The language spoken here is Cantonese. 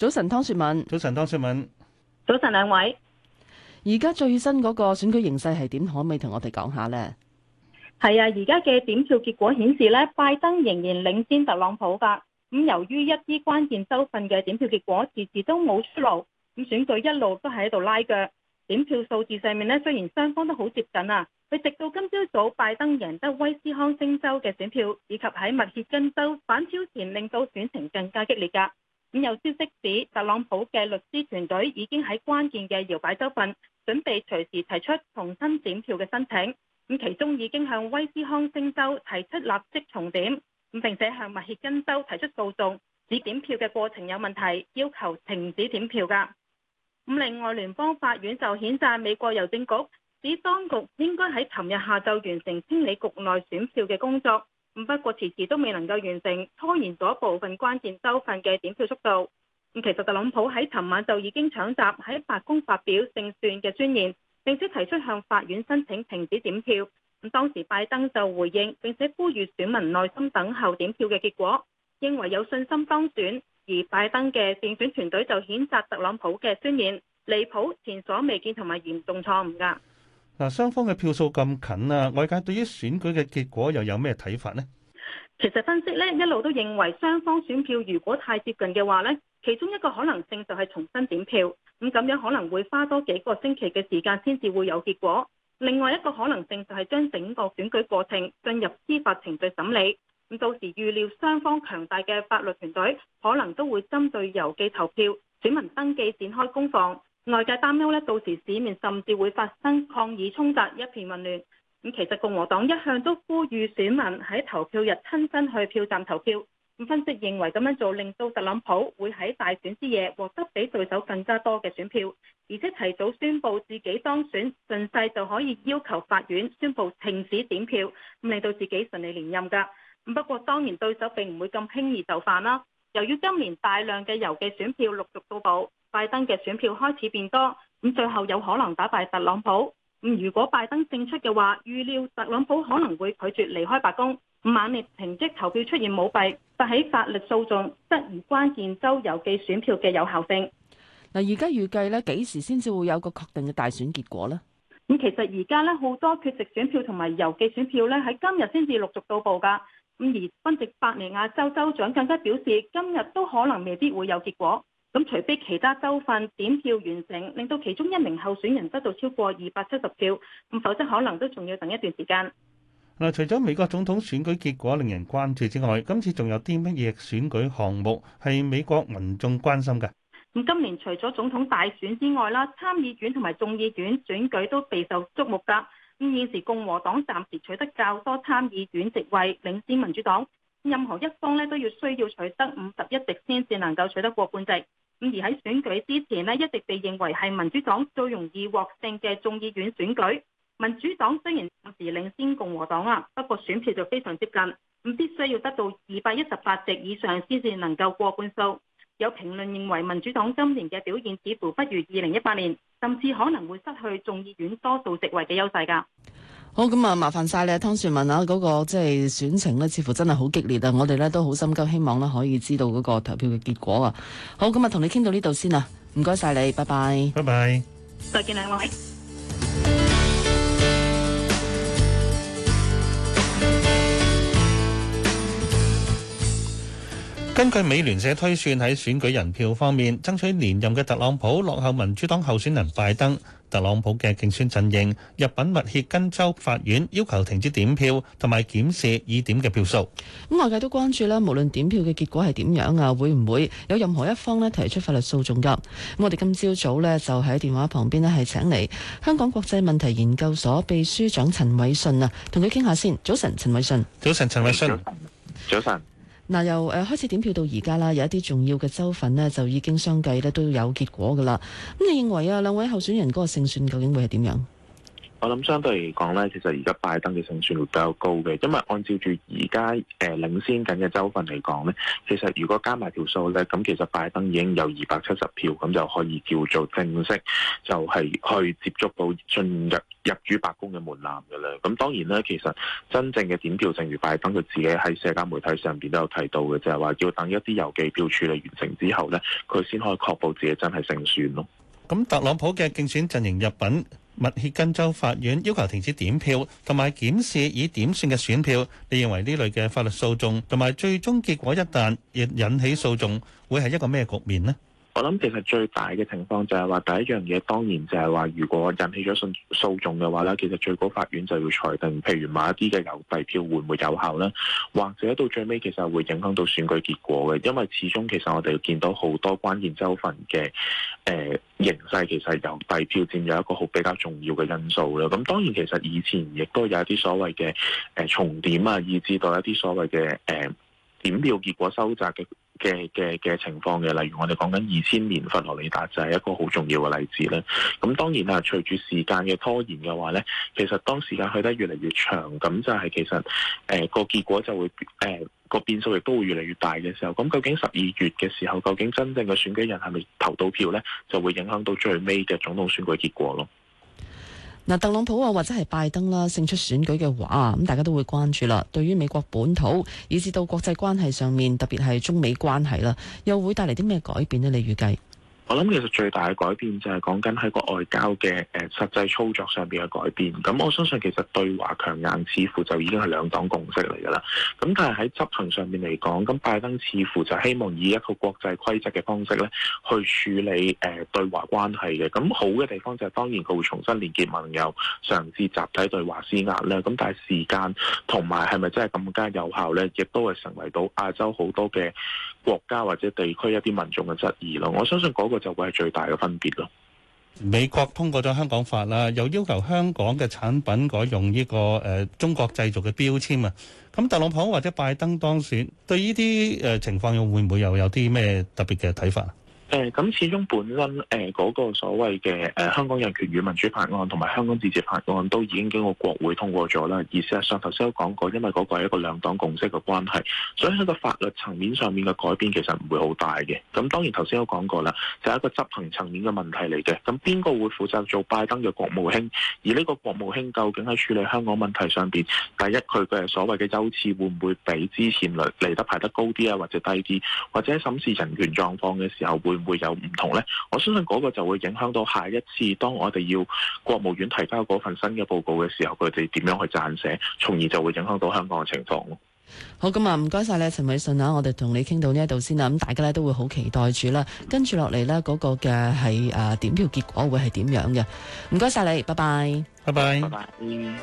早晨，湯雪敏。早晨，湯雪敏。早晨，兩位。而家最新嗰個選舉形勢係點？可唔可以同我哋講下呢？係啊，而家嘅點票結果顯示呢，拜登仍然領先特朗普噶。咁、嗯、由於一啲關鍵州份嘅點票結果遲遲都冇出爐，咁選舉一路都喺度拉鋸。點票數字上面呢，雖然雙方都好接近啊，佢直到今朝早拜登贏得威斯康星州嘅選票，以及喺密歇根州反超前，令到選情更加激烈噶。咁有消息指特朗普嘅律師團隊已經喺關鍵嘅搖擺州份準備隨時提出重新檢票嘅申請，咁其中已經向威斯康星州提出立即重點，並且向密歇根州提出訴訟，指檢票嘅過程有問題，要求停止檢票噶。咁另外聯邦法院就譴責美國郵政局，指當局應該喺尋日下晝完成清理局內選票嘅工作。不過遲遲都未能夠完成，拖延咗部分關鍵州份嘅點票速度。咁其實特朗普喺尋晚就已經搶閘喺白宮發表勝選嘅宣言，並且提出向法院申請停止點票。咁當時拜登就回應，並且呼籲選民耐心等候點票嘅結果，認為有信心當選。而拜登嘅競選團隊就譴責特朗普嘅宣言離譜、前所未見同埋嚴重錯誤㗎。嗱，雙方嘅票數咁近啊，外界對於選舉嘅結果又有咩睇法呢？其實分析呢一路都認為雙方選票如果太接近嘅話，呢其中一個可能性就係重新點票，咁咁樣可能會花多幾個星期嘅時間先至會有結果。另外一個可能性就係將整個選舉過程進入司法程序審理，咁到時預料雙方強大嘅法律團隊可能都會針對郵寄投票、選民登記展開攻防。外界擔憂咧，到時市面甚至會發生抗議衝突，一片混亂。咁其實共和黨一向都呼籲選民喺投票日親身去票站投票。咁分析認為咁樣做令到特朗普會喺大選之夜獲得比對手更加多嘅選票，而且提早宣布自己當選，順勢就可以要求法院宣布停止點票，咁令到自己順利連任㗎。不過當年對手並唔會咁輕易就範啦、啊。由於今年大量嘅郵寄選票陸續到步。拜登嘅選票開始變多，咁最後有可能打敗特朗普。咁如果拜登勝出嘅話，預料特朗普可能會拒絕離開白宮，猛烈抨擊投票出現舞弊，發起法律訴訟，質疑關鍵州郵寄選票嘅有效性。嗱，而家預計咧幾時先至會有個確定嘅大選結果呢？咁其實而家咧好多缺席選票同埋郵寄選票咧喺今日先至陸續到步噶。咁而賓夕法尼亞州州長更加表示，今日都可能未必會有結果。咁除非其他州份點票完成，令到其中一名候選人得到超過二百七十票，咁否則可能都仲要等一段時間。嗱，除咗美國總統選舉結果令人關注之外，今次仲有啲乜嘢選舉項目係美國民眾關心嘅？咁今年除咗總統大選之外啦，參議院同埋眾議院選舉都備受矚目噶。咁現時共和黨暫時取得較多參議院席位，領先民主黨，任何一方咧都要需要取得五十一席先至能夠取得過半席。而喺選舉之前咧，一直被認為係民主黨最容易獲勝嘅眾議院選舉。民主黨雖然暫時領先共和黨啊，不過選票就非常接近。咁必須要得到二百一十八席以上先至能夠過半數。有評論認為民主黨今年嘅表現似乎不如二零一八年，甚至可能會失去眾議院多數席位嘅優勢㗎。好咁啊，麻煩晒你，啊。湯雪敏啊，嗰個即係選情咧，似乎真係好激烈啊！我哋咧都好心急，希望咧可以知道嗰個投票嘅結果啊！好，咁啊，同你傾到呢度先啦，唔該晒你，拜拜，拜拜 bye，再見啦，王根據美聯社推算，喺選舉人票方面，爭取連任嘅特朗普落後民主黨候選人拜登，特朗普嘅競選陣營入稟密歇根州法院，要求停止點票同埋檢視已點嘅票數。咁外界都關注啦，無論點票嘅結果係點樣啊，會唔會有任何一方咧提出法律訴訟噶？咁、嗯、我哋今朝早呢，就喺電話旁邊咧係請嚟香港國際問題研究所秘書長陳偉信啊，同佢傾下先。早晨，陳偉信。早晨，陳偉信。早晨。嗱，由誒開始點票到而家啦，有一啲重要嘅州份呢就已經相繼咧都有結果㗎喇。咁你認為啊，兩位候選人嗰個勝算究竟會係點樣？我諗相對嚟講呢，其實而家拜登嘅勝算會比較高嘅，因為按照住而家誒領先緊嘅州份嚟講呢，其實如果加埋票數呢，咁其實拜登已經有二百七十票，咁就可以叫做正式就係去接觸到進入入主白宮嘅門檻噶啦。咁當然呢，其實真正嘅點票，正如拜登佢自己喺社交媒體上邊都有提到嘅，就係話要等一啲郵寄票處理完成之後呢，佢先可以確保自己真係勝算咯。咁特朗普嘅競選陣營入品。密歇根州法院要求停止點票同埋檢視已點算嘅選票，你認為呢類嘅法律訴訟同埋最終結果一旦亦引起訴訟會，係一個咩局面呢？我諗其實最大嘅情況就係話第一樣嘢，當然就係話如果引起咗訴訴訟嘅話咧，其實最高法院就要裁定，譬如某一啲嘅郵遞票會唔會有效呢？或者到最尾其實會影響到選舉結果嘅，因為始終其實我哋見到好多關鍵州份嘅誒形勢，其實係郵遞票佔有一個好比較重要嘅因素咯。咁當然其實以前亦都有一啲所謂嘅誒重點啊，以至到一啲所謂嘅誒。呃點票結果收集嘅嘅嘅嘅情況嘅，例如我哋講緊二千年佛羅里達就係一個好重要嘅例子咧。咁當然啦，隨住時間嘅拖延嘅話呢，其實當時間去得越嚟越長，咁就係其實誒、呃、個結果就會誒、呃、個變數亦都會越嚟越大嘅時候，咁究竟十二月嘅時候，究竟真正嘅選舉人係咪投到票呢？就會影響到最尾嘅總統選舉結果咯。嗱，特朗普啊或者係拜登啦勝出選舉嘅話，咁大家都會關注啦。對於美國本土以至到國際關係上面，特別係中美關係啦，又會帶嚟啲咩改變呢？你預計？我諗其實最大嘅改變就係講緊喺個外交嘅，誒實際操作上邊嘅改變。咁我相信其實對華強硬似乎就已經係兩黨共識嚟噶啦。咁但係喺執行上面嚟講，咁拜登似乎就希望以一個國際規則嘅方式咧，去處理誒對華關係嘅。咁好嘅地方就係當然佢會重新連結盟友，嘗試集體對華施壓咧。咁但係時間同埋係咪真係咁加有效咧，亦都係成為到亞洲好多嘅。國家或者地區一啲民眾嘅質疑咯，我相信嗰個就會係最大嘅分別咯。美國通過咗香港法啦，又要求香港嘅產品改用呢、這個誒、呃、中國製造嘅標籤啊。咁特朗普或者拜登當選，對呢啲誒情況，又會唔會又有啲咩特別嘅睇法？誒咁，始終本身誒嗰、呃嗰個所謂嘅誒香港人權與民主法案同埋香港自治法案都已經經過國會通過咗啦，而事實上，頭先都講過，因為嗰個係一個兩黨共識嘅關係，所以喺個法律層面上面嘅改變其實唔會好大嘅。咁當然頭先都講過啦，就係、是、一個執行層面嘅問題嚟嘅。咁邊個會負責做拜登嘅國務卿？而呢個國務卿究竟喺處理香港問題上邊？第一，佢嘅所謂嘅優次會唔會比之前嚟得排得高啲啊，或者低啲？或者審視人權狀況嘅時候會會有唔同呢。我相信嗰個就會影響到下一次當我哋要國務院提交嗰份新嘅報告嘅時候，佢哋點樣去撰寫，從而就會影響到香港嘅情況咯。好，咁啊，唔該晒你，陳偉信啊，我哋同你傾到呢一度先啦，咁大家咧都會好期待住啦，跟住落嚟呢，嗰個嘅係誒點票結果會係點樣嘅？唔該晒你，拜拜，拜拜，拜拜，嗯。